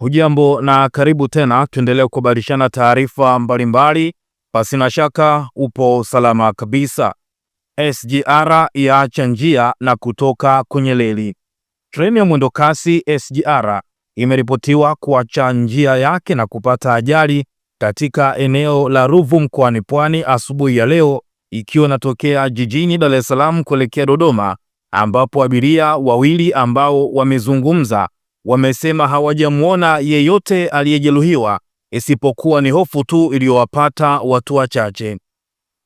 Hujambo na karibu tena, tuendelee kubadilishana taarifa mbalimbali. na shaka upo salama kabisa. SGR yaacha njia na kutoka kwenye reli. Treni ya mwendokasi SGR imeripotiwa kuacha njia yake na kupata ajali katika eneo la Ruvu mkoani Pwani asubuhi ya leo, ikiwa inatokea jijini Dar es Salaam kuelekea Dodoma, ambapo abiria wawili ambao wamezungumza wamesema hawajamwona yeyote aliyejeruhiwa isipokuwa ni hofu tu iliyowapata watu wachache.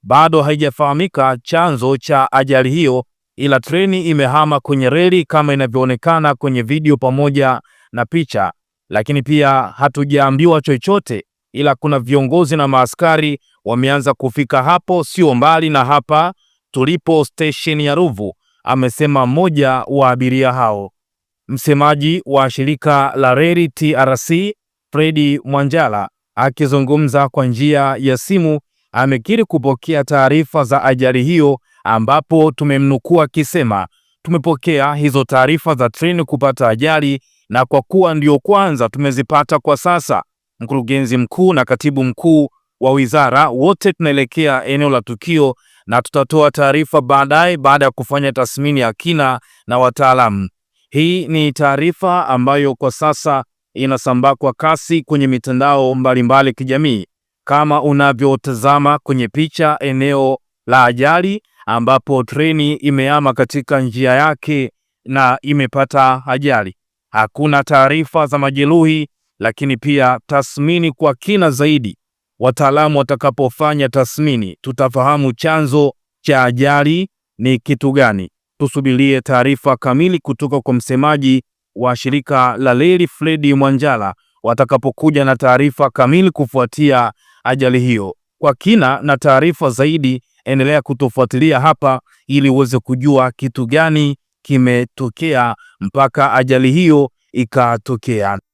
Bado haijafahamika chanzo cha ajali hiyo, ila treni imehama kwenye reli kama inavyoonekana kwenye video pamoja na picha, lakini pia hatujaambiwa chochote, ila kuna viongozi na maaskari wameanza kufika hapo, sio mbali na hapa tulipo, stesheni ya Ruvu, amesema mmoja wa abiria hao. Msemaji wa shirika la reli TRC Fredi Mwanjala akizungumza kwa njia ya simu amekiri kupokea taarifa za ajali hiyo, ambapo tumemnukuu akisema, tumepokea hizo taarifa za treni kupata ajali na kwa kuwa ndio kwanza tumezipata kwa sasa, mkurugenzi mkuu na katibu mkuu wa wizara wote tunaelekea eneo la tukio na tutatoa taarifa baadaye baada ya kufanya tathmini ya kina na wataalamu. Hii ni taarifa ambayo kwa sasa inasambaa kwa kasi kwenye mitandao mbalimbali kijamii, kama unavyotazama kwenye picha, eneo la ajali ambapo treni imeama katika njia yake na imepata ajali. Hakuna taarifa za majeruhi, lakini pia tathmini kwa kina zaidi, wataalamu watakapofanya tathmini, tutafahamu chanzo cha ajali ni kitu gani tusubirie taarifa kamili kutoka kwa msemaji wa shirika la reli Fredi Mwanjala watakapokuja na taarifa kamili kufuatia ajali hiyo. Kwa kina na taarifa zaidi, endelea kutofuatilia hapa ili uweze kujua kitu gani kimetokea mpaka ajali hiyo ikatokea.